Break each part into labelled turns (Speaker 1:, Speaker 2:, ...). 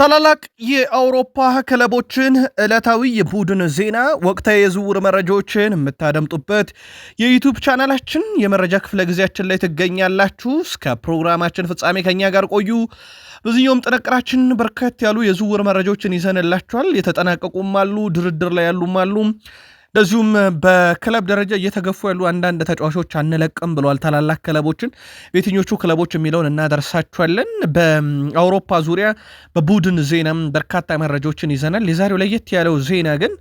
Speaker 1: ታላላቅ የአውሮፓ ክለቦችን ዕለታዊ የቡድን ዜና፣ ወቅታዊ የዝውውር መረጃዎችን የምታደምጡበት የዩቱብ ቻናላችን የመረጃ ክፍለ ጊዜያችን ላይ ትገኛላችሁ። እስከ ፕሮግራማችን ፍጻሜ ከኛ ጋር ቆዩ። በዚህኛውም ጥንቅራችን በርከት ያሉ የዝውውር መረጃዎችን ይዘንላችኋል። የተጠናቀቁም አሉ፣ ድርድር ላይ ያሉም አሉ። እንደዚሁም በክለብ ደረጃ እየተገፉ ያሉ አንዳንድ ተጫዋቾች አንለቅም ብለዋል። ታላላቅ ክለቦችን በየትኞቹ ክለቦች የሚለውን እናደርሳችኋለን። በአውሮፓ ዙሪያ በቡድን ዜናም በርካታ መረጃዎችን ይዘናል። የዛሬው ለየት ያለው ዜና ግን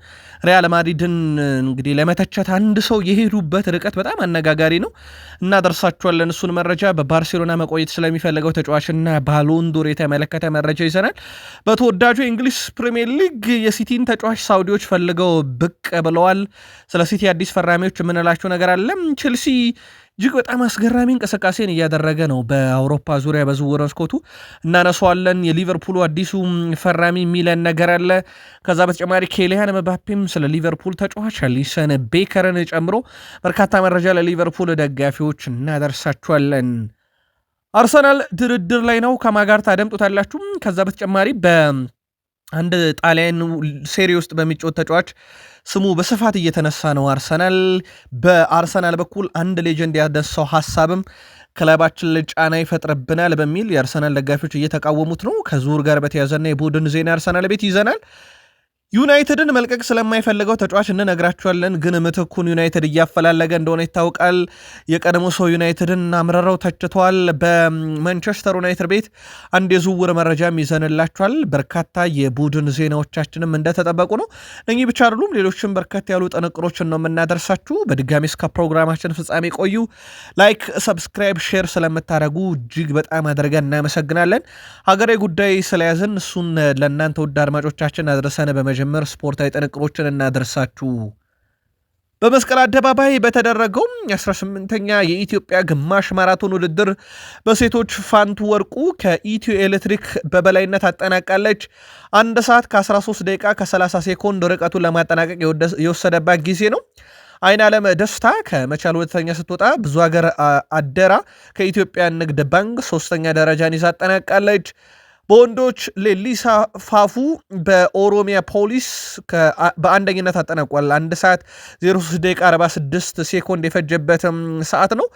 Speaker 1: ሪያል ማድሪድን እንግዲህ ለመተቸት አንድ ሰው የሄዱበት ርቀት በጣም አነጋጋሪ ነው። እናደርሳችኋለን እሱን መረጃ። በባርሴሎና መቆየት ስለሚፈልገው ተጫዋችና ባሎንዶር የተመለከተ መረጃ ይዘናል። በተወዳጁ የእንግሊዝ ፕሪምየር ሊግ የሲቲን ተጫዋች ሳውዲዎች ፈልገው ብቅ ብለዋል። ስለ ሲቲ አዲስ ፈራሚዎች የምንላቸው ነገር አለም። ቼልሲ እጅግ በጣም አስገራሚ እንቅስቃሴን እያደረገ ነው። በአውሮፓ ዙሪያ በዝውውር መስኮቱ እናነሷለን። የሊቨርፑሉ አዲሱ ፈራሚ የሚለን ነገር አለ። ከዛ በተጨማሪ ኬሊያን መባፔም ስለ ሊቨርፑል ተጫዋች አሊሰን ቤከርን ጨምሮ በርካታ መረጃ ለሊቨርፑል ደጋፊዎች እናደርሳችኋለን። አርሰናል ድርድር ላይ ነው። ከማጋር ታደምጡታላችሁ። ከዛ በተጨማሪ በአንድ ጣሊያን ሴሪ ውስጥ በሚጫወት ተጫዋች ስሙ በስፋት እየተነሳ ነው። አርሰናል በአርሰናል በኩል አንድ ሌጀንድ ያደሰው ሀሳብም ክለባችን ላይ ጫና ይፈጥርብናል በሚል የአርሰናል ደጋፊዎች እየተቃወሙት ነው። ከዙር ጋር በተያዘና የቡድን ዜና አርሰናል ቤት ይዘናል። ዩናይትድን መልቀቅ ስለማይፈልገው ተጫዋች እንነግራችኋለን፣ ግን ምትኩን ዩናይትድ እያፈላለገ እንደሆነ ይታወቃል። የቀድሞ ሰው ዩናይትድን አምረረው ተችተዋል። በማንቸስተር ዩናይትድ ቤት አንድ የዝውውር መረጃም ይዘንላችኋል። በርካታ የቡድን ዜናዎቻችንም እንደተጠበቁ ነው። እኚህ ብቻ አይደሉም፣ ሌሎችም በርከት ያሉ ጥንቅሮችን ነው የምናደርሳችሁ። በድጋሚ እስከ ፕሮግራማችን ፍጻሜ ቆዩ። ላይክ፣ ሰብስክራይብ፣ ሼር ስለምታደርጉ እጅግ በጣም አድርገን እናመሰግናለን። ሀገራዊ ጉዳይ ስለያዝን እሱን ለእናንተ ውድ አድማጮቻችን አድርሰን በመ በመጀመር ስፖርታዊ ጥንቅሮችን እናደርሳችሁ። በመስቀል አደባባይ በተደረገው 18ኛ የኢትዮጵያ ግማሽ ማራቶን ውድድር በሴቶች ፋንቱ ወርቁ ከኢትዮ ኤሌክትሪክ በበላይነት አጠናቃለች። አንድ ሰዓት ከ13 ደቂቃ ከ30 ሴኮንድ ርቀቱን ለማጠናቀቅ የወሰደባት ጊዜ ነው። አይን ዓለም ደስታ ከመቻል ሁለተኛ ስትወጣ፣ ብዙ ሀገር አደራ ከኢትዮጵያ ንግድ ባንክ ሶስተኛ ደረጃን ይዛ አጠናቃለች። በወንዶች ሌሊሳ ፋፉ በኦሮሚያ ፖሊስ በአንደኝነት አጠናቋል። አንድ ሰዓት 06 ደቂቃ 46 ሴኮንድ የፈጀበትም ሰዓት ነው።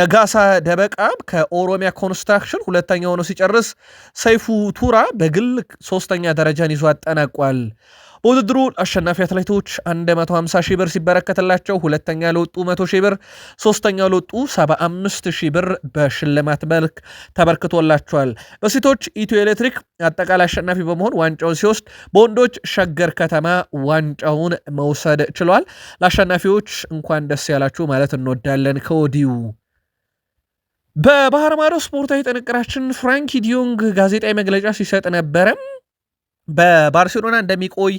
Speaker 1: ነጋሳ ደበቃ ከኦሮሚያ ኮንስትራክሽን ሁለተኛ ሆኖ ሲጨርስ፣ ሰይፉ ቱራ በግል ሶስተኛ ደረጃን ይዞ አጠናቋል። በውድድሩ አሸናፊ አትሌቶች 150 ሺህ ብር ሲበረከትላቸው ሁለተኛ ለወጡ 100 ሺህ ብር፣ ሶስተኛ ለወጡ 75 ሺህ ብር በሽልማት መልክ ተበርክቶላቸዋል። በሴቶች ኢትዮ ኤሌክትሪክ አጠቃላይ አሸናፊ በመሆን ዋንጫውን ሲወስድ፣ በወንዶች ሸገር ከተማ ዋንጫውን መውሰድ ችሏል። ለአሸናፊዎች እንኳን ደስ ያላችሁ ማለት እንወዳለን ከወዲሁ። በባህር ማዶ ስፖርታዊ ጥንቅራችን ፍራንኪ ዲዮንግ ጋዜጣዊ መግለጫ ሲሰጥ ነበረም በባርሴሎና እንደሚቆይ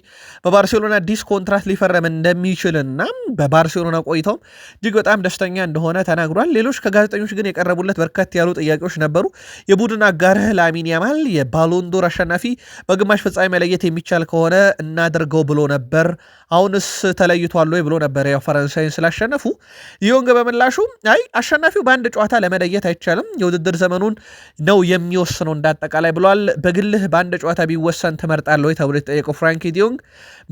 Speaker 1: በባርሴሎና ዲስ ኮንትራት ሊፈረም እንደሚችልና በባርሴሎና ቆይተውም እጅግ በጣም ደስተኛ እንደሆነ ተናግሯል። ሌሎች ከጋዜጠኞች ግን የቀረቡለት በርከት ያሉ ጥያቄዎች ነበሩ። የቡድን አጋርህ ላሚን ያማል የባሎንዶር አሸናፊ በግማሽ ፍጻሜ መለየት የሚቻል ከሆነ እናደርገው ብሎ ነበር፣ አሁንስ ተለይቷል ወይ ብሎ ነበር። ያው ፈረንሳይን ስላሸነፉ ዮንግ በምላሹ አይ አሸናፊው በአንድ ጨዋታ ለመለየት አይቻልም፣ የውድድር ዘመኑን ነው የሚወስነው እንዳጠቃላይ ብሏል። በግልህ በአንድ ጨዋታ ቢወሰን ትመር ትመርጣለህ ወይ ተብሎ የተጠየቀው ፍራንኪ ዲዮንግ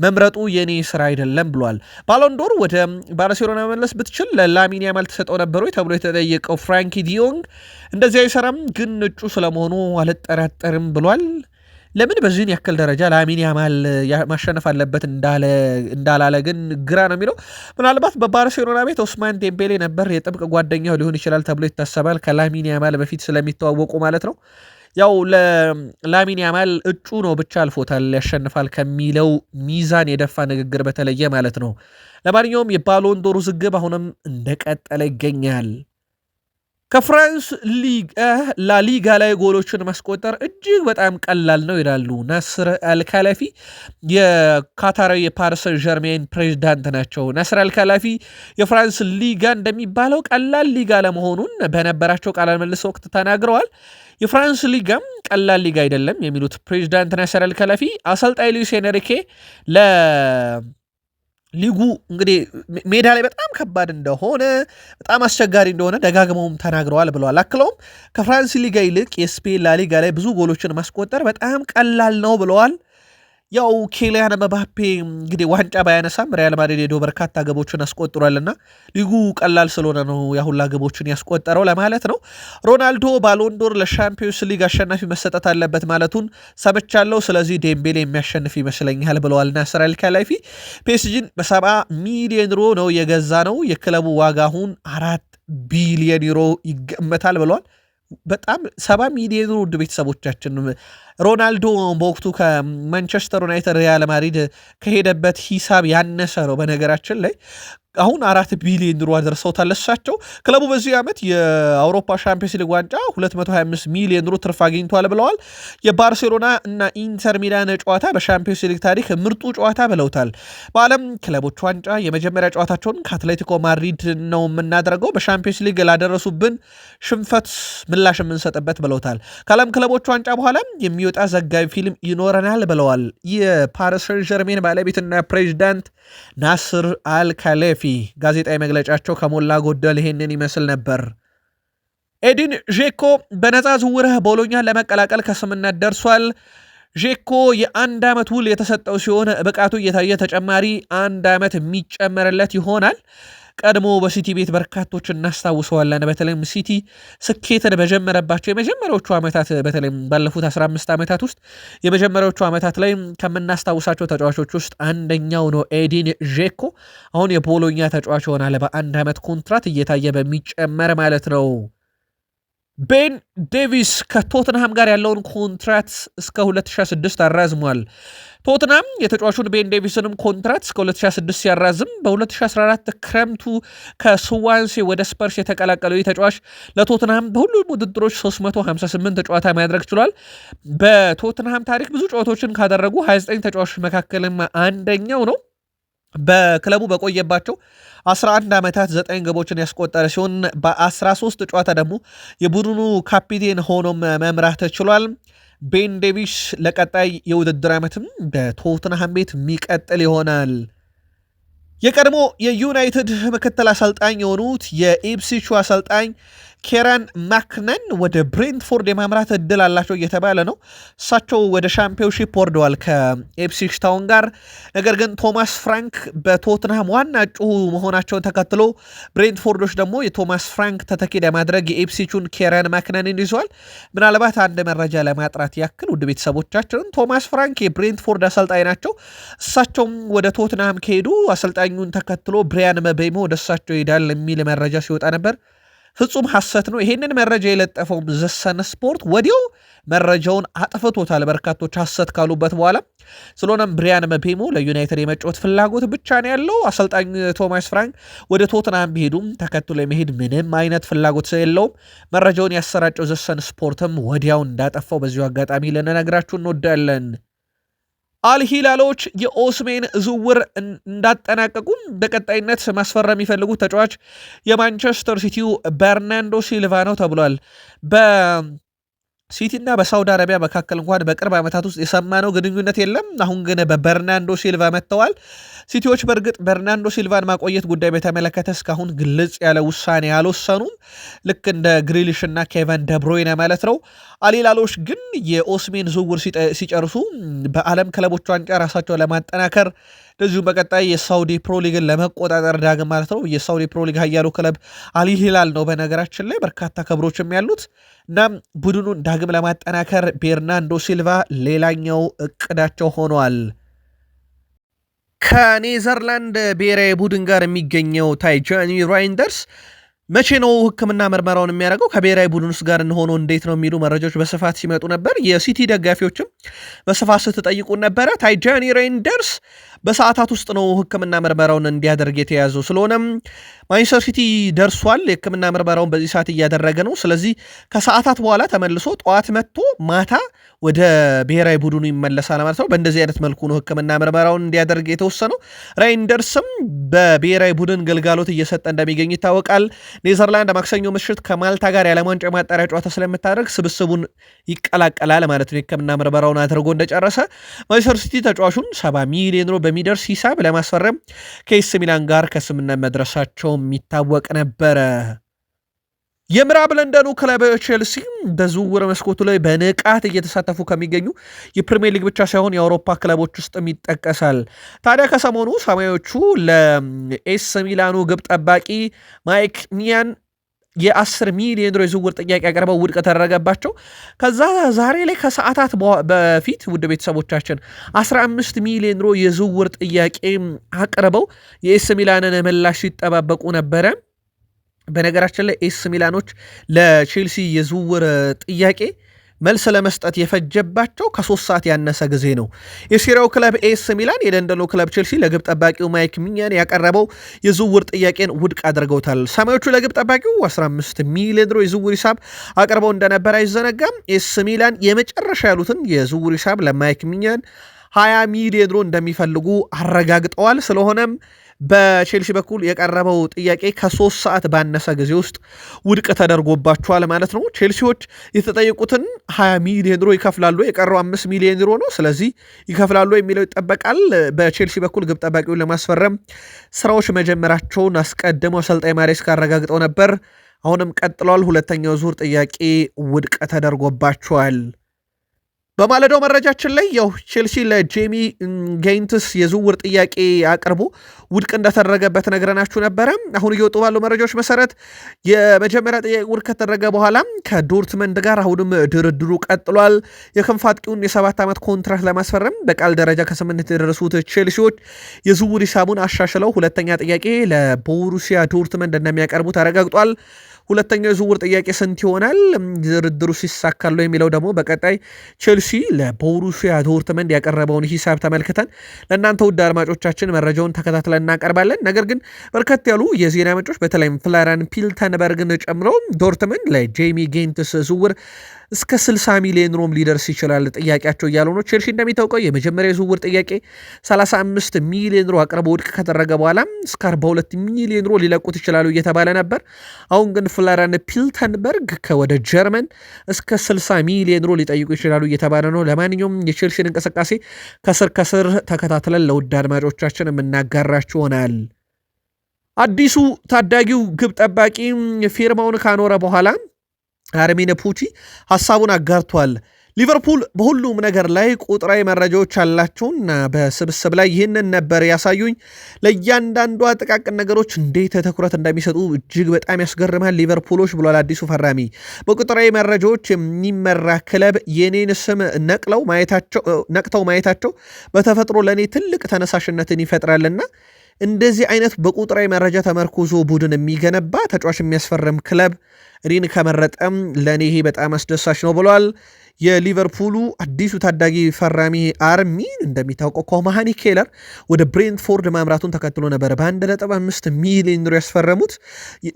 Speaker 1: መምረጡ የኔ ስራ አይደለም ብሏል። ባሎንዶር ወደ ባርሴሎና መመለስ ብትችል ለላሚን ያማል ተሰጠው ነበር ወይ ተብሎ የተጠየቀው ፍራንኪ ዲዮንግ እንደዚህ አይሰራም፣ ግን እጩ ስለመሆኑ አልጠራጠርም ብሏል። ለምን በዚህን ያክል ደረጃ ላሚን ያማል ማሸነፍ አለበት እንዳላለ ግን ግራ ነው የሚለው። ምናልባት በባርሴሎና ቤት ኦስማን ዴምቤሌ ነበር የጥብቅ ጓደኛው ሊሆን ይችላል ተብሎ ይታሰባል። ከላሚን ያማል በፊት ስለሚተዋወቁ ማለት ነው። ያው ለላሚን ያማል እጩ ነው ብቻ አልፎታል፣ ያሸንፋል ከሚለው ሚዛን የደፋ ንግግር በተለየ ማለት ነው። ለማንኛውም የባሎን ዶር ውዝግብ አሁንም እንደቀጠለ ይገኛል። ከፍራንስ ላሊጋ ላይ ጎሎችን ማስቆጠር እጅግ በጣም ቀላል ነው ይላሉ ናስር አልካላፊ፣ የካታራዊ የፓርሰን ጀርሜን ፕሬዚዳንት ናቸው። ናስር አልካላፊ የፍራንስ ሊጋ እንደሚባለው ቀላል ሊጋ ለመሆኑን በነበራቸው ቃለ ምልልስ ወቅት ተናግረዋል። የፍራንስ ሊጋም ቀላል ሊጋ አይደለም የሚሉት ፕሬዚዳንት ናሰር አልከላፊ አሰልጣኝ ሉዊስ ኤንሪኬ ሊጉ እንግዲህ ሜዳ ላይ በጣም ከባድ እንደሆነ በጣም አስቸጋሪ እንደሆነ ደጋግመውም ተናግረዋል ብለዋል። አክለውም ከፍራንስ ሊጋ ይልቅ የስፔን ላሊጋ ላይ ብዙ ጎሎችን ማስቆጠር በጣም ቀላል ነው ብለዋል። ያው ኬሊያን መባፔ እንግዲህ ዋንጫ ባያነሳም ሪያል ማድሪድ ሄዶ በርካታ ግቦችን አስቆጥሯልና ሊጉ ቀላል ስለሆነ ነው ያሁላ ግቦችን ያስቆጠረው ለማለት ነው። ሮናልዶ ባሎንዶር ለሻምፒዮንስ ሊግ አሸናፊ መሰጠት አለበት ማለቱን ሰምቻለሁ። ስለዚህ ዴምቤሌ የሚያሸንፍ ይመስለኛል ብለዋል ናስር አል ኸላይፊ። ፔስጂን በሰባ ሚሊዮን ዩሮ ነው የገዛ ነው። የክለቡ ዋጋ አሁን አራት ቢሊዮን ዩሮ ይገመታል ብለዋል። በጣም ሰባ ሚሊዮን ውድ ቤተሰቦቻችን ሮናልዶ በወቅቱ ከማንቸስተር ዩናይትድ ሪያል ማድሪድ ከሄደበት ሂሳብ ያነሰ ነው። በነገራችን ላይ አሁን አራት ቢሊዮን ዩሮ አደርሰውታል እሳቸው። ክለቡ በዚህ ዓመት የአውሮፓ ሻምፒዮንስ ሊግ ዋንጫ 225 ሚሊዮን ዩሮ ትርፍ አግኝቷል ብለዋል። የባርሴሎና እና ኢንተር ሚላን ጨዋታ በሻምፒዮንስ ሊግ ታሪክ ምርጡ ጨዋታ ብለውታል። በዓለም ክለቦች ዋንጫ የመጀመሪያ ጨዋታቸውን ከአትሌቲኮ ማድሪድ ነው የምናደርገው። በሻምፒዮንስ ሊግ ላደረሱብን ሽንፈት ምላሽ የምንሰጥበት ብለውታል። ከዓለም ክለቦች ዋንጫ በኋላ የሚወጣ ዘጋቢ ፊልም ይኖረናል ብለዋል። የፓሪስ ሰን ዠርሜን ባለቤትና ፕሬዚዳንት ናስር አልካሌፍ ሰፊ ጋዜጣዊ መግለጫቸው ከሞላ ጎደል ይሄንን ይመስል ነበር። ኤዲን ዤኮ በነፃ ዝውውርህ ቦሎኛን ለመቀላቀል ከስምነት ደርሷል። ዤኮ የአንድ ዓመት ውል የተሰጠው ሲሆን ብቃቱ እየታየ ተጨማሪ አንድ ዓመት የሚጨመርለት ይሆናል። ቀድሞ በሲቲ ቤት በርካቶች እናስታውሰዋለን። በተለይም ሲቲ ስኬትን በጀመረባቸው የመጀመሪያዎቹ ዓመታት በተለይም ባለፉት 15 ዓመታት ውስጥ የመጀመሪያዎቹ ዓመታት ላይ ከምናስታውሳቸው ተጫዋቾች ውስጥ አንደኛው ነው ኤዲን ዤኮ። አሁን የቦሎኛ ተጫዋች ይሆናል በአንድ ዓመት ኮንትራት እየታየ በሚጨመር ማለት ነው። ቤን ዴቪስ ከቶትንሃም ጋር ያለውን ኮንትራት እስከ 2026 አራዝሟል። ቶትንሃም የተጫዋቹን ቤን ዴቪስንም ኮንትራት እስከ 2026 ሲያራዝም በ2014 ክረምቱ ከስዋንሴ ወደ ስፐርስ የተቀላቀለው ተጫዋች ለቶትንሃም በሁሉም ውድድሮች 358 ጨዋታ ማድረግ ችሏል። በቶትንሃም ታሪክ ብዙ ጨዋታዎችን ካደረጉ 29 ተጫዋቾች መካከልም አንደኛው ነው። በክለቡ በቆየባቸው 11 ዓመታት 9 ግቦችን ያስቆጠረ ሲሆን በ13 ጨዋታ ደግሞ የቡድኑ ካፒቴን ሆኖም መምራት ችሏል። ቤን ዴቪሽ ለቀጣይ የውድድር ዓመትም በቶትንሃም ቤት የሚቀጥል ይሆናል። የቀድሞ የዩናይትድ ምክትል አሰልጣኝ የሆኑት የኢፕሲቹ አሰልጣኝ ኬራን ማክነን ወደ ብሬንትፎርድ የማምራት እድል አላቸው እየተባለ ነው። እሳቸው ወደ ሻምፒዮንሺፕ ወርደዋል ከኤፕሲሽ ታውን ጋር። ነገር ግን ቶማስ ፍራንክ በቶትንሃም ዋና እጩ መሆናቸውን ተከትሎ ብሬንትፎርዶች ደግሞ የቶማስ ፍራንክ ተተኪ ለማድረግ የኤፕሲቹን ኬራን ማክነንን ይዘዋል። ምናልባት አንድ መረጃ ለማጥራት ያክል ውድ ቤተሰቦቻችንን ቶማስ ፍራንክ የብሬንትፎርድ አሰልጣኝ ናቸው። እሳቸውም ወደ ቶትንሃም ከሄዱ አሰልጣኙን ተከትሎ ብሪያን መቤሞ ወደ እሳቸው ይሄዳል የሚል መረጃ ሲወጣ ነበር። ፍጹም ሐሰት ነው። ይሄንን መረጃ የለጠፈውም ዘሰን ስፖርት ወዲያው መረጃውን አጥፍቶታል። በርካቶች ሐሰት ካሉበት በኋላ ስለሆነም ብሪያን መፔሞ ለዩናይትድ የመጫወት ፍላጎት ብቻ ነው ያለው። አሰልጣኝ ቶማስ ፍራንክ ወደ ቶትናም ቢሄዱም ተከትሎ የመሄድ ምንም አይነት ፍላጎት የለውም። መረጃውን ያሰራጨው ዘሰን ስፖርትም ወዲያው እንዳጠፋው በዚሁ አጋጣሚ ልንነግራችሁ እንወዳለን። አልሂላሎች የኦስሜን ዝውውር እንዳጠናቀቁም በቀጣይነት ማስፈረም የሚፈልጉት ተጫዋች የማንቸስተር ሲቲው በርናንዶ ሲልቫ ነው ተብሏል። ሲቲና በሳውዲ አረቢያ መካከል እንኳን በቅርብ ዓመታት ውስጥ የሰማነው ግንኙነት የለም። አሁን ግን በበርናንዶ ሲልቫ መጥተዋል። ሲቲዎች በእርግጥ በርናንዶ ሲልቫን ማቆየት ጉዳይ በተመለከተ እስካሁን ግልጽ ያለ ውሳኔ አልወሰኑም። ልክ እንደ ግሪሊሽ እና ኬቨን ደብሮይነ ማለት ነው። አልሂላሎች ግን የኦስሜን ዝውውር ሲጨርሱ በዓለም ክለቦች ዋንጫ ራሳቸው ለማጠናከር እንደዚሁም በቀጣይ የሳውዲ ፕሮ ሊግን ለመቆጣጠር ዳግም ማለት ነው የሳውዲ ፕሮ ሊግ ኃያሉ ክለብ አልሂላል ነው። በነገራችን ላይ በርካታ ክብሮችም ያሉት እናም ቡድኑን ዳግም ለማጠናከር ቤርናንዶ ሲልቫ ሌላኛው እቅዳቸው ሆኗል። ከኔዘርላንድ ብሔራዊ ቡድን ጋር የሚገኘው ታይጃኒ ራይንደርስ መቼ ነው ሕክምና ምርመራውን የሚያደርገው? ከብሔራዊ ቡድን ውስጥ ጋር እንሆኖ እንዴት ነው የሚሉ መረጃዎች በስፋት ሲመጡ ነበር። የሲቲ ደጋፊዎችም በስፋት ስትጠይቁን ነበረ። ታይጃኒ ሬንደርስ በሰዓታት ውስጥ ነው ሕክምና ምርመራውን እንዲያደርግ የተያዘው። ስለሆነም ማንቸስተር ሲቲ ደርሷል። የሕክምና ምርመራውን በዚህ ሰዓት እያደረገ ነው። ስለዚህ ከሰዓታት በኋላ ተመልሶ ጠዋት መጥቶ ማታ ወደ ብሔራዊ ቡድኑ ይመለሳል ማለት ነው። በእንደዚህ አይነት መልኩ ነው ሕክምና ምርመራውን እንዲያደርግ የተወሰነው። ራይንደርስም በብሔራዊ ቡድን ግልጋሎት እየሰጠ እንደሚገኝ ይታወቃል። ኔዘርላንድ ማክሰኞ ምሽት ከማልታ ጋር የዓለም ዋንጫ የማጣሪያ ጨዋታ ስለምታደርግ ስብስቡን ይቀላቀላል ማለት ነው። የሕክምና ምርመራውን አድርጎ እንደጨረሰ ማንቸስተር ሲቲ ተጫዋቹን ሰባ ሚሊዮን በሚደርስ ሂሳብ ለማስፈረም ከኤስ ሚላን ጋር ከስምምነት መድረሳቸው የሚታወቅ ነበረ። የምዕራብ ለንደኑ ክለብ ቼልሲ በዝውውር መስኮቱ ላይ በንቃት እየተሳተፉ ከሚገኙ የፕሪሚየር ሊግ ብቻ ሳይሆን የአውሮፓ ክለቦች ውስጥም ይጠቀሳል። ታዲያ ከሰሞኑ ሰማዮቹ ለኤስ ሚላኑ ግብ ጠባቂ ማይክ ኒያን የአስር ሚሊዮን ዩሮ የዝውውር ጥያቄ ያቀርበው ውድቅ ተደረገባቸው። ከዛ ዛሬ ላይ ከሰዓታት በፊት ውድ ቤተሰቦቻችን 15 ሚሊዮን ዩሮ የዝውውር ጥያቄ አቅርበው የኤስ ሚላንን ምላሽ ሲጠባበቁ ነበረ። በነገራችን ላይ ኤስ ሚላኖች ለቼልሲ የዝውውር ጥያቄ መልስ ለመስጠት የፈጀባቸው ከሶስት ሰዓት ያነሰ ጊዜ ነው። የሴሪያው ክለብ ኤስ ሚላን የለንደኑ ክለብ ቼልሲ ለግብ ጠባቂው ማይክ ሚኛን ያቀረበው የዝውውር ጥያቄን ውድቅ አድርገውታል። ሰማዮቹ ለግብ ጠባቂው 15 ሚሊዮን ዩሮ የዝውውር ሂሳብ አቅርበው እንደነበር አይዘነጋም። ኤስ ሚላን የመጨረሻ ያሉትን የዝውውር ሂሳብ ለማይክ ሚኛን 20 ሚሊዮን ዩሮ እንደሚፈልጉ አረጋግጠዋል። ስለሆነም በቼልሲ በኩል የቀረበው ጥያቄ ከሶስት ሰዓት ባነሰ ጊዜ ውስጥ ውድቅ ተደርጎባቸዋል ማለት ነው። ቼልሲዎች የተጠየቁትን 20 ሚሊዮን ዩሮ ይከፍላሉ፣ የቀረው 5 ሚሊዮን ዩሮ ነው። ስለዚህ ይከፍላሉ የሚለው ይጠበቃል። በቼልሲ በኩል ግብ ጠባቂውን ለማስፈረም ስራዎች መጀመራቸውን አስቀድመው አሰልጣኝ ማሬስካ አረጋግጠው ነበር። አሁንም ቀጥሏል። ሁለተኛው ዙር ጥያቄ ውድቅ ተደርጎባቸዋል። በማለዳው መረጃችን ላይ ያው ቼልሲ ለጄሚ ጌንትስ የዝውውር ጥያቄ አቅርቦ ውድቅ እንደተደረገበት ነግረናችሁ ነበረ። አሁን እየወጡ ባሉ መረጃዎች መሰረት የመጀመሪያ ጥያቄ ውድቅ ከተደረገ በኋላ ከዶርትመንድ ጋር አሁንም ድርድሩ ቀጥሏል። የክንፍ አጥቂውን የሰባት ዓመት ኮንትራት ለማስፈረም በቃል ደረጃ ከስምምነት የደረሱት ቼልሲዎች የዝውውር ሂሳቡን አሻሽለው ሁለተኛ ጥያቄ ለቦሩሲያ ዶርትመንድ እንደሚያቀርቡ ተረጋግጧል። ሁለተኛው የዝውውር ጥያቄ ስንት ይሆናል? ድርድሩ ሲሳካሉ የሚለው ደግሞ በቀጣይ ቼልሲ ለቦሩሲያ ዶርትመንድ ያቀረበውን ሂሳብ ተመልክተን ለእናንተ ውድ አድማጮቻችን መረጃውን ተከታትለን እናቀርባለን። ነገር ግን በርከት ያሉ የዜና ምንጮች በተለይም ፍላራን ፒልተንበርግን ጨምሮ ዶርትመንድ ለጄሚ ጌንትስ ዝውውር እስከ 60 ሚሊዮን ሮም ሊደርስ ይችላል ጥያቄያቸው እያሉ ነው። ቼልሲ እንደሚታውቀው የመጀመሪያ የዝውውር ጥያቄ 35 ሚሊዮን ሮ አቅርቦ ውድቅ ከተደረገ በኋላ እስከ 42 ሚሊዮን ሮ ሊለቁት ይችላሉ እየተባለ ነበር። አሁን ግን ፍለረን ፒልተንበርግ ከወደ ጀርመን እስከ 60 ሚሊዮን ሮ ሊጠይቁ ይችላሉ እየተባለ ነው። ለማንኛውም የቼልሲን እንቅስቃሴ ከስር ከስር ተከታትለን ለውድ አድማጮቻችን የምናጋራችሁ ይሆናል። አዲሱ ታዳጊው ግብ ጠባቂ ፊርማውን ካኖረ በኋላ አርሜን ፑቺ ሀሳቡን አጋርቷል። ሊቨርፑል በሁሉም ነገር ላይ ቁጥራዊ መረጃዎች አላቸውና በስብስብ ላይ ይህንን ነበር ያሳዩኝ። ለእያንዳንዱ ጥቃቅን ነገሮች እንዴት ትኩረት እንደሚሰጡ እጅግ በጣም ያስገርማል ሊቨርፑሎች ብሏል አዲሱ ፈራሚ። በቁጥራዊ መረጃዎች የሚመራ ክለብ የኔን ስም ነቅተው ማየታቸው በተፈጥሮ ለእኔ ትልቅ ተነሳሽነትን ይፈጥራልና እንደዚህ አይነት በቁጥራዊ መረጃ ተመርኮዞ ቡድን የሚገነባ ተጫዋች የሚያስፈርም ክለብ እኔን ከመረጠም ለእኔ ይሄ በጣም አስደሳች ነው ብሏል። የሊቨርፑሉ አዲሱ ታዳጊ ፈራሚ አርሚን እንደሚታወቀው ኮማሃኒ ኬለር ወደ ብሬንትፎርድ ማምራቱን ተከትሎ ነበረ በ1.5 ሚሊዮን ዩሮ ያስፈረሙት።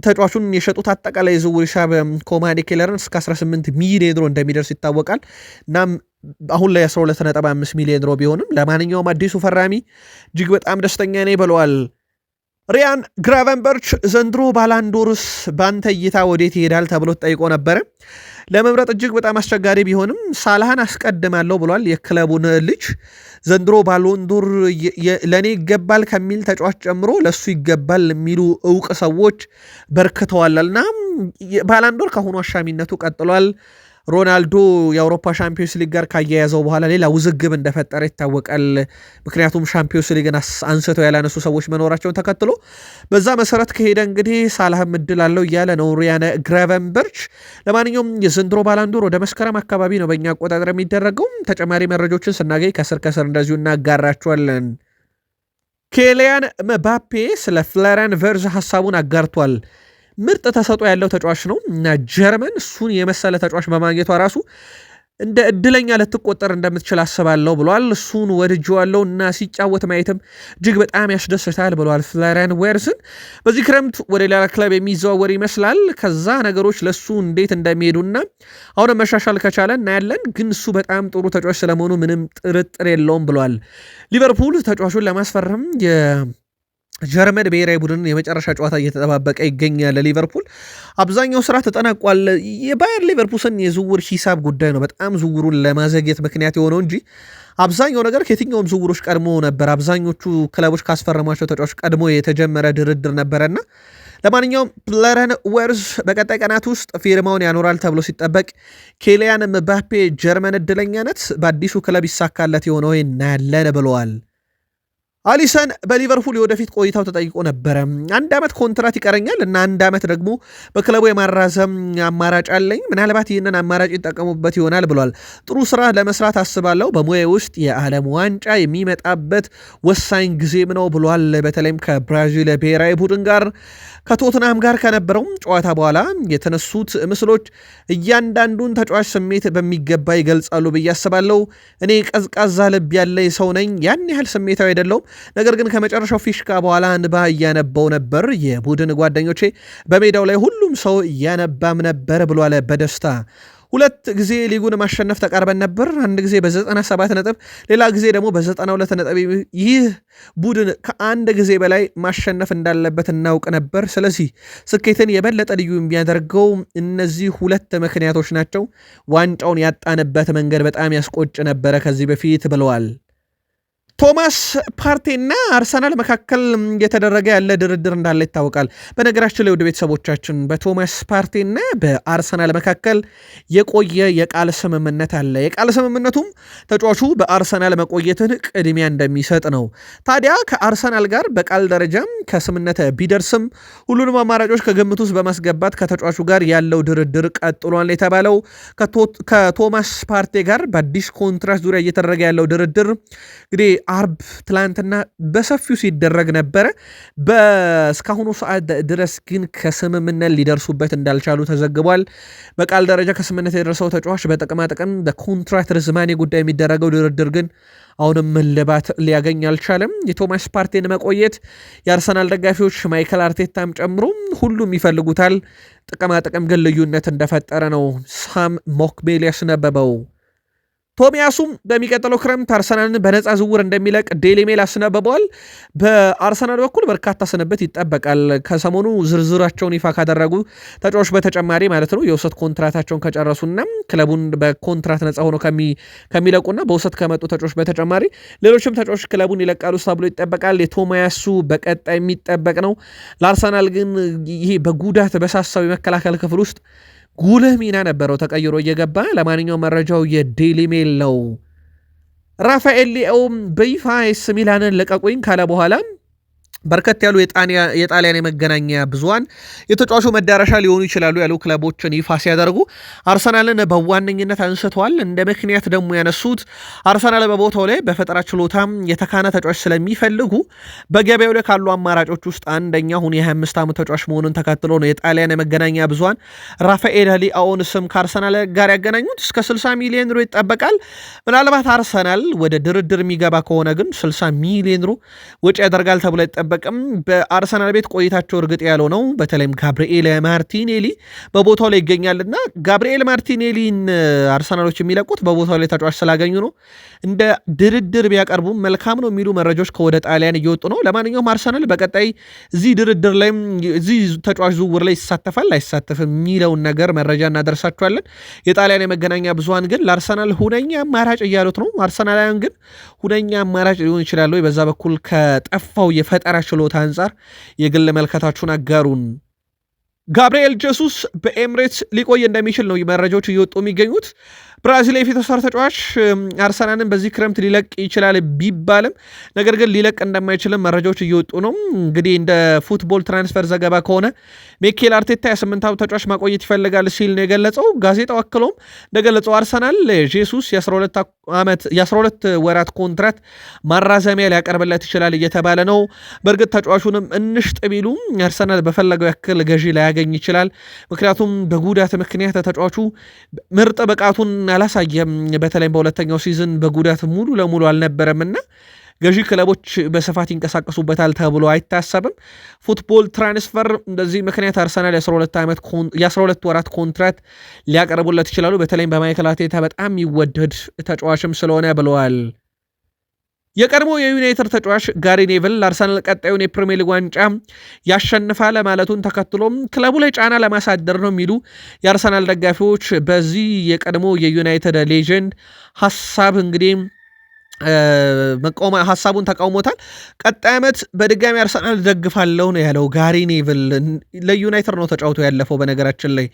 Speaker 1: ተጫዋቹን የሸጡት አጠቃላይ ዝውውር ሂሳብ ኮማሃኒ ኬለርን እስከ 18 ሚሊዮን ዩሮ እንደሚደርስ ይታወቃል። እናም አሁን ላይ 12.5 ሚሊዮን ዩሮ ቢሆንም ለማንኛውም አዲሱ ፈራሚ እጅግ በጣም ደስተኛ ነኝ ብለዋል ሪያን ግራቨንበርች ዘንድሮ ባላንዶርስ ባንተ እይታ ወዴት ይሄዳል ተብሎ ተጠይቆ ነበረ። ለመምረጥ እጅግ በጣም አስቸጋሪ ቢሆንም ሳላህን አስቀድማለሁ ብሏል። የክለቡን ልጅ ዘንድሮ ባሎንዶር ለእኔ ይገባል ከሚል ተጫዋች ጨምሮ ለእሱ ይገባል የሚሉ እውቅ ሰዎች በርክተዋልና ባላንዶር ከአሁኑ አሻሚነቱ ቀጥሏል። ሮናልዶ የአውሮፓ ሻምፒዮንስ ሊግ ጋር ካያያዘው በኋላ ሌላ ውዝግብ እንደፈጠረ ይታወቃል። ምክንያቱም ሻምፒዮንስ ሊግን አንስተው ያላነሱ ሰዎች መኖራቸውን ተከትሎ በዛ መሰረት ከሄደ እንግዲህ ሳላህም እድል አለው እያለ ነው ሪያነ ግራቨንበርች። ለማንኛውም የዘንድሮ ባላንዶር ወደ መስከረም አካባቢ ነው በእኛ አቆጣጠር የሚደረገው። ተጨማሪ መረጃዎችን ስናገኝ ከስር ከስር እንደዚሁ እናጋራቸዋለን። ኬሊያን መባፔ ስለ ፍለረን ቨርዝ ሀሳቡን አጋርቷል። ምርጥ ተሰጦ ያለው ተጫዋች ነው እና ጀርመን እሱን የመሰለ ተጫዋች በማግኘቷ ራሱ እንደ እድለኛ ልትቆጠር እንደምትችል አስባለሁ ብሏል። እሱን ወድጄዋለሁ እና ሲጫወት ማየትም እጅግ በጣም ያስደስታል ብሏል ፍላሪያን ዌርስን። በዚህ ክረምት ወደ ሌላ ክለብ የሚዘዋወር ይመስላል። ከዛ ነገሮች ለሱ እንዴት እንደሚሄዱና አሁንም መሻሻል ከቻለ እናያለን። ግን እሱ በጣም ጥሩ ተጫዋች ስለመሆኑ ምንም ጥርጥር የለውም ብሏል። ሊቨርፑል ተጫዋቹን ለማስፈረም ጀርመን ብሔራዊ ቡድንን የመጨረሻ ጨዋታ እየተጠባበቀ ይገኛል። ሊቨርፑል አብዛኛው ስራ ተጠናቋል። የባየር ሊቨርፑልስን የዝውውር ሂሳብ ጉዳይ ነው በጣም ዝውውሩን ለማዘግየት ምክንያት የሆነው እንጂ አብዛኛው ነገር ከየትኛውም ዝውውሮች ቀድሞ ነበር። አብዛኞቹ ክለቦች ካስፈረሟቸው ተጫዋች ቀድሞ የተጀመረ ድርድር ነበረና ለማንኛውም ፕለረን ወርዝ በቀጣይ ቀናት ውስጥ ፊርማውን ያኖራል ተብሎ ሲጠበቅ ኬልያን ምባፔ ጀርመን እድለኛነት በአዲሱ ክለብ ይሳካለት ወይ እናያለን ብለዋል። አሊሰን በሊቨርፑል የወደፊት ቆይታው ተጠይቆ ነበረ። አንድ ዓመት ኮንትራት ይቀረኛል እና አንድ ዓመት ደግሞ በክለቡ የማራዘም አማራጭ አለኝ፣ ምናልባት ይህንን አማራጭ ይጠቀሙበት ይሆናል ብሏል። ጥሩ ስራ ለመስራት አስባለሁ። በሙያ ውስጥ የዓለም ዋንጫ የሚመጣበት ወሳኝ ጊዜም ነው ብሏል። በተለይም ከብራዚል ብሔራዊ ቡድን ጋር ከቶትናም ጋር ከነበረውም ጨዋታ በኋላ የተነሱት ምስሎች እያንዳንዱን ተጫዋች ስሜት በሚገባ ይገልጻሉ ብዬ አስባለሁ። እኔ ቀዝቃዛ ልብ ያለ ሰው ነኝ፣ ያን ያህል ስሜታዊ አይደለውም ነገር ግን ከመጨረሻው ፊሽካ በኋላ እንባ እያነባው ነበር። የቡድን ጓደኞቼ በሜዳው ላይ ሁሉም ሰው እያነባም ነበር ብሏል በደስታ ሁለት ጊዜ ሊጉን ማሸነፍ ተቃርበን ነበር። አንድ ጊዜ በ97 ነጥብ፣ ሌላ ጊዜ ደግሞ በ92 ነጥብ። ይህ ቡድን ከአንድ ጊዜ በላይ ማሸነፍ እንዳለበት እናውቅ ነበር። ስለዚህ ስኬትን የበለጠ ልዩ የሚያደርገው እነዚህ ሁለት ምክንያቶች ናቸው። ዋንጫውን ያጣንበት መንገድ በጣም ያስቆጭ ነበረ ከዚህ በፊት ብለዋል። ቶማስ ፓርቴና አርሰናል መካከል እየተደረገ ያለ ድርድር እንዳለ ይታወቃል። በነገራችን ላይ ወደ ቤተሰቦቻችን በቶማስ ፓርቴና በአርሰናል መካከል የቆየ የቃል ስምምነት አለ። የቃል ስምምነቱም ተጫዋቹ በአርሰናል መቆየትን ቅድሚያ እንደሚሰጥ ነው። ታዲያ ከአርሰናል ጋር በቃል ደረጃም ከስምነት ቢደርስም ሁሉንም አማራጮች ከግምት ውስጥ በማስገባት ከተጫዋቹ ጋር ያለው ድርድር ቀጥሏል የተባለው ከቶማስ ፓርቴ ጋር በአዲስ ኮንትራት ዙሪያ እየተደረገ ያለው ድርድር እንግዲህ አርብ ትላንትና በሰፊው ሲደረግ ነበረ። በእስካሁኑ ሰዓት ድረስ ግን ከስምምነት ሊደርሱበት እንዳልቻሉ ተዘግቧል። በቃል ደረጃ ከስምምነት የደረሰው ተጫዋች በጥቅማጥቅም በኮንትራክት ርዝማኔ ጉዳይ የሚደረገው ድርድር ግን አሁንም መልባት ሊያገኝ አልቻለም። የቶማስ ፓርቴን መቆየት የአርሰናል ደጋፊዎች ማይከል አርቴታም ጨምሮ ሁሉም ይፈልጉታል። ጥቅማጥቅም ግን ልዩነት እንደፈጠረ ነው ሳም ሞክቤል ያስነበበው። ቶሚያሱም በሚቀጥለው ክረምት አርሰናልን በነፃ ዝውውር እንደሚለቅ ዴሊ ሜል አስነብበዋል። በአርሰናል በኩል በርካታ ስንብት ይጠበቃል። ከሰሞኑ ዝርዝራቸውን ይፋ ካደረጉ ተጫዋቾች በተጨማሪ ማለት ነው የውሰት ኮንትራታቸውን ከጨረሱና ክለቡን በኮንትራት ነፃ ሆኖ ከሚለቁና በውሰት ከመጡ ተጫዋቾች በተጨማሪ ሌሎችም ተጫዋቾች ክለቡን ይለቃሉ ተብሎ ይጠበቃል። የቶሚያሱ በቀጣይ የሚጠበቅ ነው። ለአርሰናል ግን ይሄ በጉዳት በሳሳው የመከላከል ክፍል ውስጥ ጉልህ ሚና ነበረው ተቀይሮ እየገባ ለማንኛውም መረጃው የዴሊ ሜል ነው። ራፋኤል ሊያውም በይፋ ኤስ ሚላንን ልቀቁኝ ካለ በኋላም በርከት ያሉ የጣሊያን የመገናኛ ብዙሃን የተጫዋቹ መዳረሻ ሊሆኑ ይችላሉ ያሉ ክለቦችን ይፋ ሲያደርጉ አርሰናልን በዋነኝነት አንስተዋል። እንደ ምክንያት ደግሞ ያነሱት አርሰናል በቦታው ላይ በፈጠራ ችሎታም የተካነ ተጫዋች ስለሚፈልጉ በገበያው ላይ ካሉ አማራጮች ውስጥ አንደኛ አሁን የ25 ዓመት ተጫዋች መሆኑን ተከትሎ ነው የጣሊያን የመገናኛ ብዙሃን ራፋኤል ሊአኦን ስም ከአርሰናል ጋር ያገናኙት። እስከ 60 ሚሊዮን ሮ ይጠበቃል። ምናልባት አርሰናል ወደ ድርድር የሚገባ ከሆነ ግን 60 ሚሊዮን ሮ ወጪ ያደርጋል ተብሎ ይጠበቃል። አይጠበቅም። በአርሰናል ቤት ቆይታቸው እርግጥ ያለው ነው። በተለይም ጋብርኤል ማርቲኔሊ በቦታው ላይ ይገኛልና ጋብርኤል ማርቲኔሊን አርሰናሎች የሚለቁት በቦታው ላይ ተጫዋች ስላገኙ ነው። እንደ ድርድር ቢያቀርቡ መልካም ነው የሚሉ መረጃዎች ከወደ ጣሊያን እየወጡ ነው። ለማንኛውም አርሰናል በቀጣይ እዚህ ድርድር ላይም እዚህ ተጫዋች ዝውውር ላይ ይሳተፋል አይሳተፍም የሚለውን ነገር መረጃ እናደርሳችኋለን። የጣሊያን የመገናኛ ብዙሀን ግን ለአርሰናል ሁነኛ አማራጭ እያሉት ነው። አርሰናላውያን ግን ሁነኛ አማራጭ ሊሆን ይችላል ወይ በዛ በኩል ከጠፋው የፈጠራ ችሎታ አንጻር የግል መልከታችሁን አጋሩን። ጋብርኤል ጀሱስ በኤምሬትስ ሊቆይ እንደሚችል ነው መረጃዎች እየወጡ የሚገኙት። ብራዚል የፊት ስር ተጫዋች አርሰናልን በዚህ ክረምት ሊለቅ ይችላል ቢባልም ነገር ግን ሊለቅ እንደማይችልም መረጃዎች እየወጡ ነው። እንግዲህ እንደ ፉትቦል ትራንስፈር ዘገባ ከሆነ ሚኬል አርቴታ የስምንታው ተጫዋች ማቆየት ይፈልጋል ሲል ነው የገለጸው። ጋዜጣው አክሎም እንደገለጸው አርሰናል ጄሱስ የ12 ወራት ኮንትራት ማራዘሚያ ሊያቀርብለት ይችላል እየተባለ ነው። በእርግጥ ተጫዋቹንም እንሽጥ ቢሉም አርሰናል በፈለገው ያክል ገዢ ላያገኝ ይችላል። ምክንያቱም በጉዳት ምክንያት ተጫዋቹ ምርጥ ብቃቱን አላሳየም። በተለይም በሁለተኛው ሲዝን በጉዳት ሙሉ ለሙሉ አልነበረምና ገዢ ክለቦች በስፋት ይንቀሳቀሱበታል ተብሎ አይታሰብም። ፉትቦል ትራንስፈር እንደዚህ ምክንያት አርሰናል የ12 ወራት ኮንትራት ሊያቀርቡለት ይችላሉ። በተለይም በማይክል አርቴታ በጣም የሚወደድ ተጫዋችም ስለሆነ ብለዋል። የቀድሞ የዩናይትድ ተጫዋች ጋሪ ኔቭል አርሰናል ቀጣዩን የፕሪሚየር ሊግ ዋንጫ ያሸንፋል ማለቱን ተከትሎም ክለቡ ላይ ጫና ለማሳደር ነው የሚሉ የአርሰናል ደጋፊዎች በዚህ የቀድሞ የዩናይትድ ሌጀንድ ሀሳብ እንግዲህ ሀሳቡን ተቃውሞታል። ቀጣይ ዓመት በድጋሚ አርሰናል ደግፋለሁ ነው ያለው ጋሪ ኔቭል። ለዩናይትድ ነው ተጫውቶ ያለፈው። በነገራችን ላይ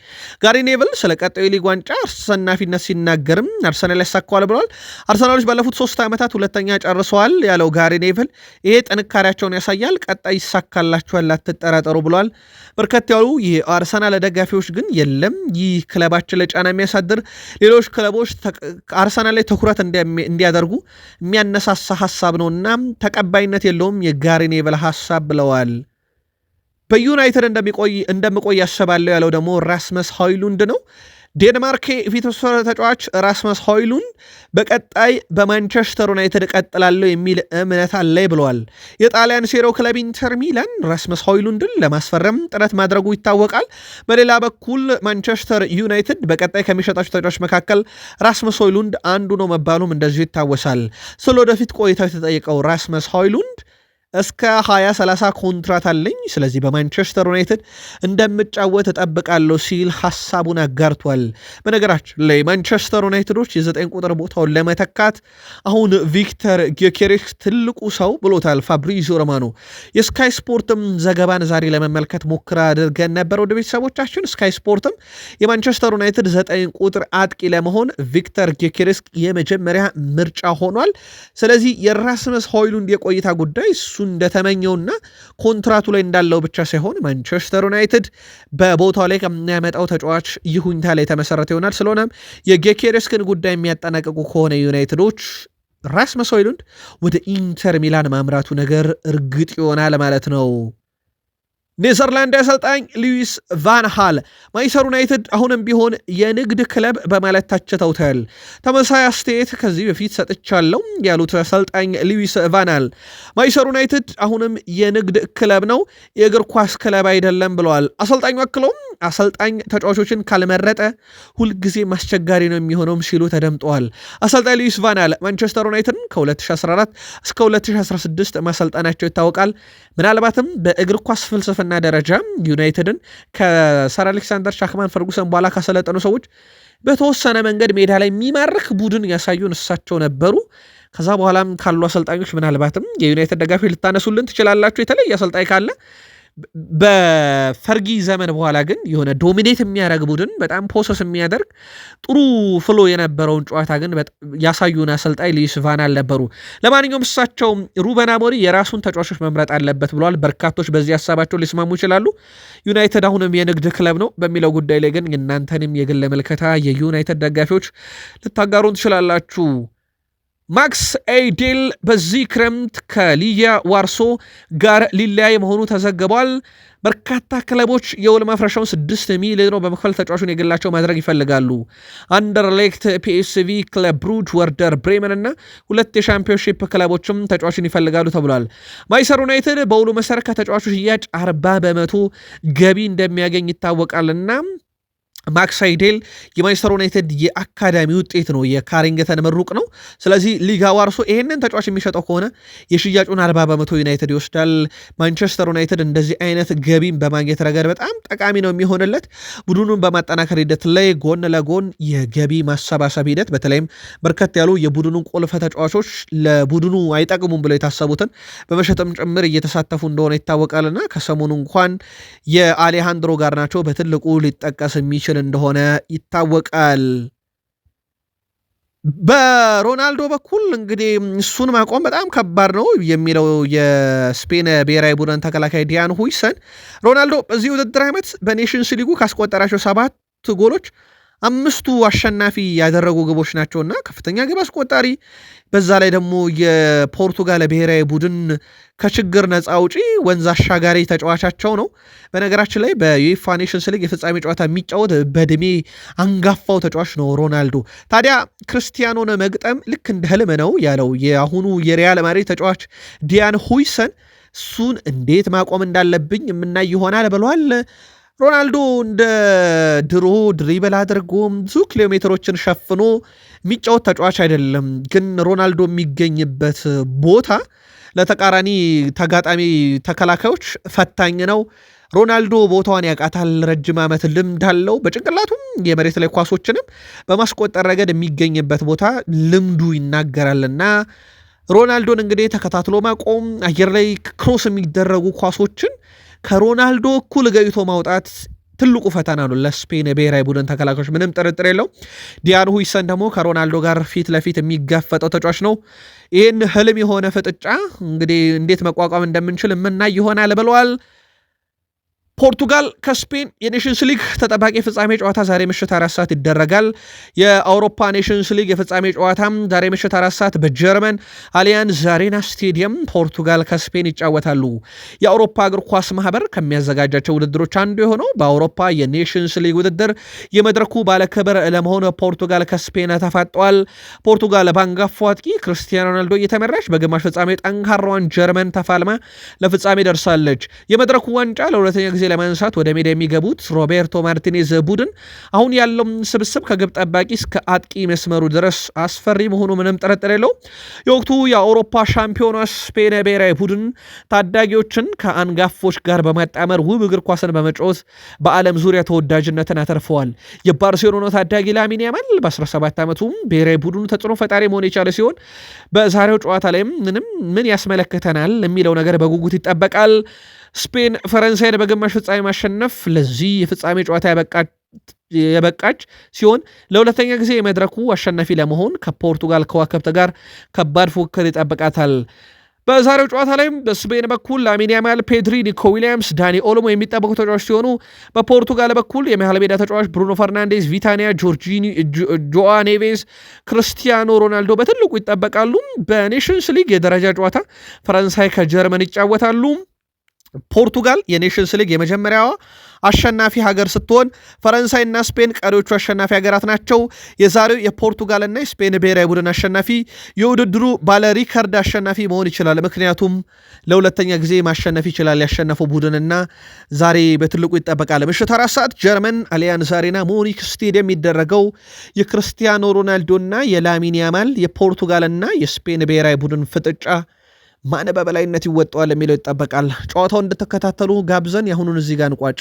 Speaker 1: ጋሪ ኔቭል ስለ ቀጣዩ ሊግ ዋንጫ አሸናፊነት ሲናገርም አርሰናል ያሳካዋል ብለዋል። አርሰናሎች ባለፉት ሶስት ዓመታት ሁለተኛ ጨርሰዋል ያለው ጋሪ ኔቭል ይሄ ጥንካሬያቸውን ያሳያል። ቀጣይ ይሳካላችኋል፣ አትጠራጠሩ ብለዋል። በርከት ያሉ የአርሰናል ደጋፊዎች ግን የለም ይህ ክለባችን ላይ ጫና የሚያሳድር ሌሎች ክለቦች አርሰናል ላይ ትኩረት እንዲያደርጉ የሚያነሳሳ ሐሳብ ነውና ተቀባይነት የለውም የጋሪ ኔቨል ሐሳብ ብለዋል። በዩናይትድ እንደሚቆይ እንደምቆይ ያስባለሁ ያለው ደግሞ ራስመስ ሆይሉንድ ነው። ዴንማርክ የፊት መስመር ተጫዋች ራስመስ ሆይሉን በቀጣይ በማንቸስተር ዩናይትድ እቀጥላለሁ የሚል እምነት አለ ብለዋል። የጣሊያን ሴሮ ክለብ ኢንተር ሚላን ራስመስ ሆይሉንድን ለማስፈረም ጥረት ማድረጉ ይታወቃል። በሌላ በኩል ማንቸስተር ዩናይትድ በቀጣይ ከሚሸጣቸው ተጫዋች መካከል ራስመስ ሆይሉንድ አንዱ ነው መባሉም እንደዚሁ ይታወሳል። ስለ ወደፊት ቆይታው የተጠየቀው ራስመስ ሆይሉንድ እስከ 2030 ኮንትራት አለኝ፣ ስለዚህ በማንቸስተር ዩናይትድ እንደምጫወት እጠብቃለሁ ሲል ሐሳቡን አጋርቷል። በነገራችን ላይ ማንቸስተር ዩናይትዶች የ9 ቁጥር ቦታውን ለመተካት አሁን ቪክተር ጊዮኬሬስ ትልቁ ሰው ብሎታል ፋብሪዚዮ ሮማኖ። የስካይ ስፖርትም ዘገባን ዛሬ ለመመልከት ሙከራ አድርገን ነበር። ወደ ቤተሰቦቻችን ስካይ ስፖርትም የማንቸስተር ዩናይትድ 9 ቁጥር አጥቂ ለመሆን ቪክተር ጊዮኬሬስ የመጀመሪያ ምርጫ ሆኗል። ስለዚህ የራስመስ ሆይሉንድ የቆይታ ጉዳይ እሱ እንደተመኘውና ኮንትራቱ ላይ እንዳለው ብቻ ሳይሆን ማንቸስተር ዩናይትድ በቦታው ላይ ከሚያመጣው ተጫዋች ይሁኝታ ላይ የተመሰረተ ይሆናል። ስለሆነም የጌኬሬስክን ጉዳይ የሚያጠናቀቁ ከሆነ ዩናይትዶች ራስመስ ሆይሉንድ ወደ ኢንተር ሚላን ማምራቱ ነገር እርግጥ ይሆናል ማለት ነው። ኔዘርላንድ አሰልጣኝ ሉዊስ ቫን ሃል ማንችስተር ዩናይትድ አሁንም ቢሆን የንግድ ክለብ በማለት ታችተውታል። ተመሳሳይ አስተያየት ከዚህ በፊት ሰጥቻለሁ ያሉት አሰልጣኝ ሉዊስ ቫን ሃል ማንችስተር ዩናይትድ አሁንም የንግድ ክለብ ነው፣ የእግር ኳስ ክለብ አይደለም ብለዋል። አሰልጣኙ አክለውም አሰልጣኝ ተጫዋቾችን ካልመረጠ ሁልጊዜ አስቸጋሪ ነው የሚሆነውም ሲሉ ተደምጠዋል። አሰልጣኝ ሉዊስ ቫን ሃል ማንቸስተር ዩናይትድን ከ2014 እስከ 2016 ማሰልጠናቸው ይታወቃል። ምናልባትም በእግር ኳስ ፍልስፍና በቁጥጥርና ደረጃ ዩናይትድን ከሰር አሌክሳንደር ሻክማን ፈርጉሰን በኋላ ካሰለጠኑ ሰዎች በተወሰነ መንገድ ሜዳ ላይ የሚማርክ ቡድን ያሳዩን እሳቸው ነበሩ። ከዛ በኋላም ካሉ አሰልጣኞች ምናልባትም የዩናይትድ ደጋፊ ልታነሱልን ትችላላችሁ የተለየ አሰልጣኝ ካለ በፈርጊ ዘመን በኋላ ግን የሆነ ዶሚኔት የሚያደርግ ቡድን በጣም ፖሰስ የሚያደርግ ጥሩ ፍሎ የነበረውን ጨዋታ ግን ያሳዩን አሰልጣኝ ሉዊስ ቫን አልነበሩ። ለማንኛውም እሳቸው ሩበን አሞሪ የራሱን ተጫዋቾች መምረጥ አለበት ብለዋል። በርካቶች በዚህ ሀሳባቸው ሊስማሙ ይችላሉ። ዩናይትድ አሁንም የንግድ ክለብ ነው በሚለው ጉዳይ ላይ ግን እናንተንም የግል ምልከታ የዩናይትድ ደጋፊዎች ልታጋሩን ትችላላችሁ። ማክስ ኤይዴል በዚህ ክረምት ከሊያ ዋርሶ ጋር ሊለያይ መሆኑ ተዘግቧል። በርካታ ክለቦች የውል ማፍረሻውን 6 ሚሊዮን በመክፈል ተጫዋቹን የግላቸው ማድረግ ይፈልጋሉ። አንደርሌክት፣ ፒኤስቪ፣ ክለብ ብሩጅ፣ ወርደር ብሬመን እና ሁለት የሻምፒዮንሺፕ ክለቦችም ተጫዋቹን ይፈልጋሉ ተብሏል። ማይሰር ዩናይትድ በውሉ መሰረት ከተጫዋቹ ሽያጭ 40 በመቶ ገቢ እንደሚያገኝ ይታወቃልና ማክስ ሳይዴል የማንቸስተር ዩናይትድ የአካዳሚ ውጤት ነው፣ የካሪንግተን ምሩቅ ነው። ስለዚህ ሊጋ ዋርሶ ይሄንን ተጫዋች የሚሸጠው ከሆነ የሽያጩን አርባ በመቶ ዩናይትድ ይወስዳል። ማንቸስተር ዩናይትድ እንደዚህ አይነት ገቢን በማግኘት ረገድ በጣም ጠቃሚ ነው የሚሆንለት። ቡድኑን በማጠናከር ሂደት ላይ ጎን ለጎን የገቢ ማሰባሰብ ሂደት በተለይም በርከት ያሉ የቡድኑን ቁልፍ ተጫዋቾች ለቡድኑ አይጠቅሙም ብለው የታሰቡትን በመሸጥም ጭምር እየተሳተፉ እንደሆነ ይታወቃልና ከሰሞኑ እንኳን የአሌሃንድሮ ናቸው በትልቁ ሊጠቀስ የሚችል የሚችል እንደሆነ ይታወቃል። በሮናልዶ በኩል እንግዲህ እሱን ማቆም በጣም ከባድ ነው የሚለው የስፔን ብሔራዊ ቡድን ተከላካይ ዲያን ሁይሰን ሮናልዶ በዚህ ውድድር ዓመት በኔሽንስ ሊጉ ካስቆጠራቸው ሰባት ጎሎች አምስቱ አሸናፊ ያደረጉ ግቦች ናቸውና ከፍተኛ ግብ አስቆጣሪ፣ በዛ ላይ ደግሞ የፖርቱጋል ብሔራዊ ቡድን ከችግር ነፃ አውጪ ወንዝ አሻጋሪ ተጫዋቻቸው ነው። በነገራችን ላይ በዩኤፋ ኔሽንስ ሊግ የፍጻሜ ጨዋታ የሚጫወት በእድሜ አንጋፋው ተጫዋች ነው ሮናልዶ። ታዲያ ክርስቲያኖን መግጠም ልክ እንደ ህልም ነው ያለው የአሁኑ የሪያል ማድሪድ ተጫዋች ዲያን ሁይሰን እሱን እንዴት ማቆም እንዳለብኝ የምናይ ይሆናል ብለዋል። ሮናልዶ እንደ ድሮ ድሪበል አድርጎ ብዙ ኪሎ ሜትሮችን ሸፍኖ የሚጫወት ተጫዋች አይደለም። ግን ሮናልዶ የሚገኝበት ቦታ ለተቃራኒ ተጋጣሚ ተከላካዮች ፈታኝ ነው። ሮናልዶ ቦታዋን ያውቃታል። ረጅም ዓመት ልምድ አለው። በጭንቅላቱም የመሬት ላይ ኳሶችንም በማስቆጠር ረገድ የሚገኝበት ቦታ ልምዱ ይናገራልና ሮናልዶን እንግዲህ ተከታትሎ ማቆም፣ አየር ላይ ክሮስ የሚደረጉ ኳሶችን ከሮናልዶ እኩል ገይቶ ማውጣት ትልቁ ፈተና ነው ለስፔን ብሔራዊ ቡድን ተከላካዮች፣ ምንም ጥርጥር የለው። ዲያን ሁይሰን ደግሞ ከሮናልዶ ጋር ፊት ለፊት የሚጋፈጠው ተጫዋች ነው። ይህን ህልም የሆነ ፍጥጫ እንግዲህ እንዴት መቋቋም እንደምንችል የምናይ ይሆናል ብለዋል። ፖርቱጋል ከስፔን የኔሽንስ ሊግ ተጠባቂ ፍጻሜ ጨዋታ ዛሬ ምሽት አራት ሰዓት ይደረጋል። የአውሮፓ ኔሽንስ ሊግ የፍጻሜ ጨዋታም ዛሬ ምሽት አራት ሰዓት በጀርመን አሊያንዝ አሬና ስቴዲየም ፖርቱጋል ከስፔን ይጫወታሉ። የአውሮፓ እግር ኳስ ማህበር ከሚያዘጋጃቸው ውድድሮች አንዱ የሆነው በአውሮፓ የኔሽንስ ሊግ ውድድር የመድረኩ ባለክብር ለመሆን ፖርቱጋል ከስፔን ተፋጠዋል። ፖርቱጋል በአንጋፋው አጥቂ ክርስቲያኖ ሮናልዶ እየተመራች በግማሽ ፍጻሜ ጠንካራዋን ጀርመን ተፋልማ ለፍጻሜ ደርሳለች። የመድረኩ ዋንጫ ለሁለተኛ ጊዜ ለማንሳት ወደ ሜዳ የሚገቡት ሮቤርቶ ማርቲኔዝ ቡድን አሁን ያለው ስብስብ ከግብ ጠባቂ እስከ አጥቂ መስመሩ ድረስ አስፈሪ መሆኑ ምንም ጥርጥር የለው። የወቅቱ የአውሮፓ ሻምፒዮኗ ስፔን ብሔራዊ ቡድን ታዳጊዎችን ከአንጋፎች ጋር በማጣመር ውብ እግር ኳስን በመጫወት በዓለም ዙሪያ ተወዳጅነትን አተርፈዋል። የባርሴሎና ታዳጊ ላሚን ያማል በ17 ዓመቱም ብሔራዊ ቡድኑ ተጽዕኖ ፈጣሪ መሆን የቻለ ሲሆን በዛሬው ጨዋታ ላይም ምንም ምን ያስመለክተናል የሚለው ነገር በጉጉት ይጠበቃል። ስፔን ፈረንሳይን በግማሽ ፍጻሜ ማሸነፍ ለዚህ የፍጻሜ ጨዋታ የበቃች ሲሆን ለሁለተኛ ጊዜ የመድረኩ አሸናፊ ለመሆን ከፖርቱጋል ከዋከብት ጋር ከባድ ፉክክር ይጠብቃታል። በዛሬው ጨዋታ ላይም በስፔን በኩል ላሚን ያማል፣ ፔድሪ፣ ኒኮ ዊሊያምስ፣ ዳኒ ኦሎሞ የሚጠበቁ ተጫዋች ሲሆኑ በፖርቱጋል በኩል የመሃል ሜዳ ተጫዋች ብሩኖ ፈርናንዴዝ፣ ቪታኒያ፣ ጆርጂኒ፣ ጆዋ ክርስቲያኖ ሮናልዶ በትልቁ ይጠበቃሉ። በኔሽንስ ሊግ የደረጃ ጨዋታ ፈረንሳይ ከጀርመን ይጫወታሉ። ፖርቱጋል የኔሽንስ ሊግ የመጀመሪያዋ አሸናፊ ሀገር ስትሆን ፈረንሳይና ስፔን ቀሪዎቹ አሸናፊ ሀገራት ናቸው። የዛሬው የፖርቱጋልና የስፔን ብሔራዊ ቡድን አሸናፊ የውድድሩ ባለ ሪከርድ አሸናፊ መሆን ይችላል። ምክንያቱም ለሁለተኛ ጊዜ ማሸነፍ ይችላል ያሸነፈው ቡድንና ዛሬ በትልቁ ይጠበቃል። ምሽት አራት ሰዓት ጀርመን አሊያንዝ አሬና ሙኒክ ስቴዲየም የሚደረገው የክርስቲያኖ ሮናልዶና የላሚን ያማል የፖርቱጋልና የስፔን ብሔራዊ ቡድን ፍጥጫ ማን በበላይነት ይወጣዋል የሚለው ይጠበቃል። ጨዋታው እንድትከታተሉ ጋብዘን የአሁኑን እዚህ ጋር እንቋጭ።